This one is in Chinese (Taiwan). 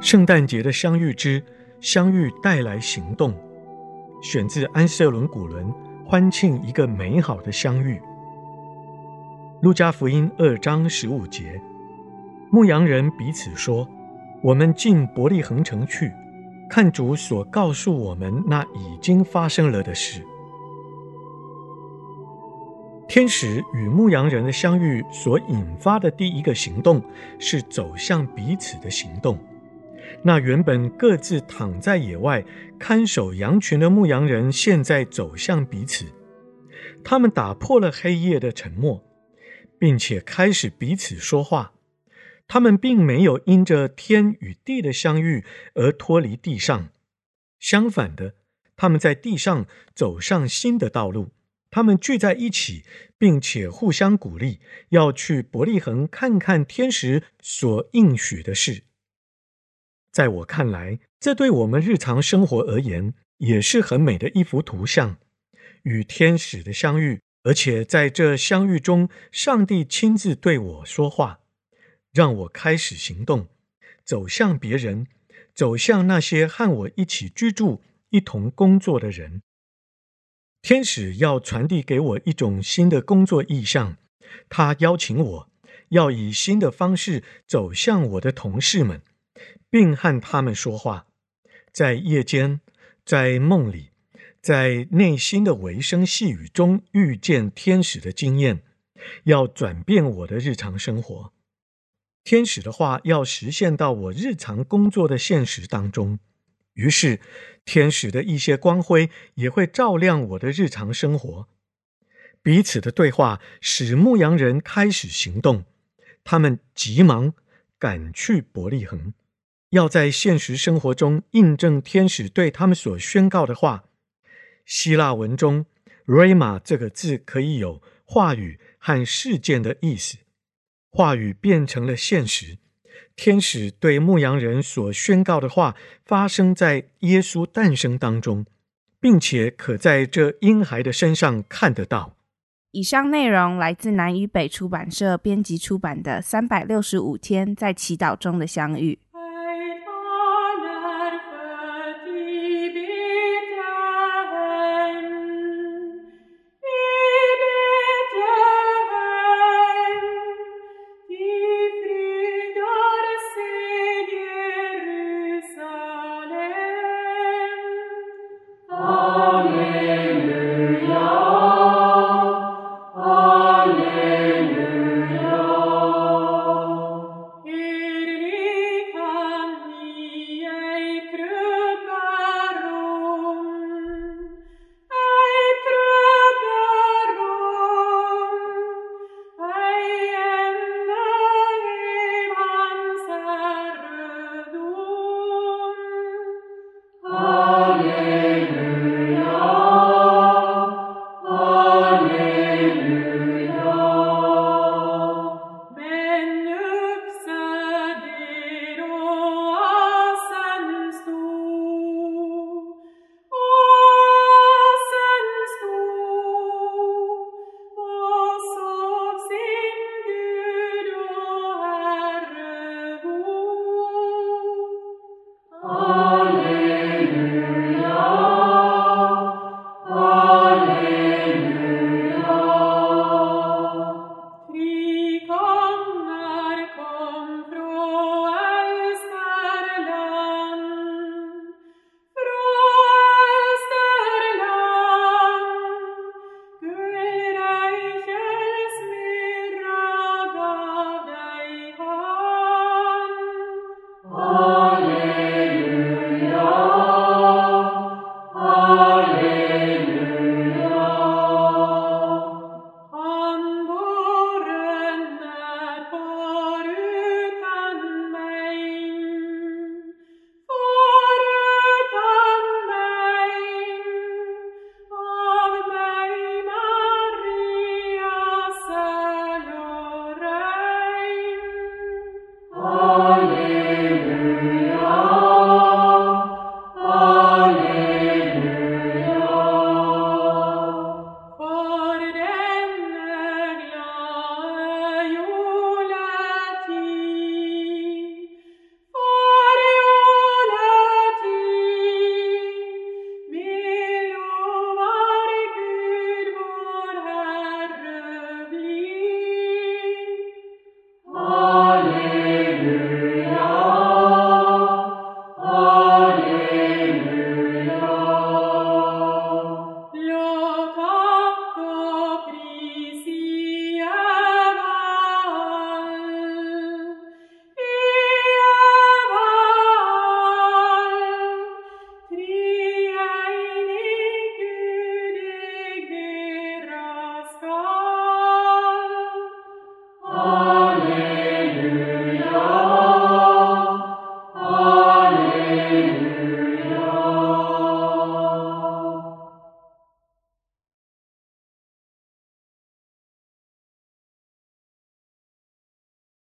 聖誕節的相遇之相遇帶來行動，選自安瑟倫·古倫《歡慶一個美好的相遇》。路加福音二章十五節，牧羊人彼此說：“我們進伯利恆城去，看主所告訴我們那已經發生了的事。”天使與牧羊人的相遇所引發的第一個行動，是走向彼此的行動。那原本各自躺在野外看守羊群的牧羊人，現在走向彼此。他們打破了黑夜的沉默，並且開始彼此說話。他們並沒有因着天與地的相遇而脫離地上，相反的，他們在地上走上新的道路。他們聚在一起，並且互相鼓勵，要去伯利恆看看天使所應許的事。在我看來，這對我們日常生活而言也是很美的一幅圖像，與天使的相遇，而且在這相遇中，上帝親自對我說話，讓我開始行動，走向別人，走向那些和我一起居住、一同工作的人。天使要傳遞給我一種新的工作意向，他邀請我要以新的方式走向我的同事們。並和他們說話，在夜間，在夢裡，在內心的微聲細語中遇見天使的經驗，要轉變我的日常生活。天使的話要實現到我日常工作的現實當中，於是天使的一些光輝也會照亮我的日常生活。彼此的對話使牧羊人開始行動，他們急忙趕去伯利恆。要在現實生活中印證天使對他們所宣告的話。希臘文中 “rema” 這個字可以有話語和事件的意思。話語變成了現實。天使對牧羊人所宣告的話，發生在耶穌誕生當中，並且可在這嬰孩的身上看得到。以上內容來自南與北出版社編輯出版的《三百六十五天在祈禱中的相遇》。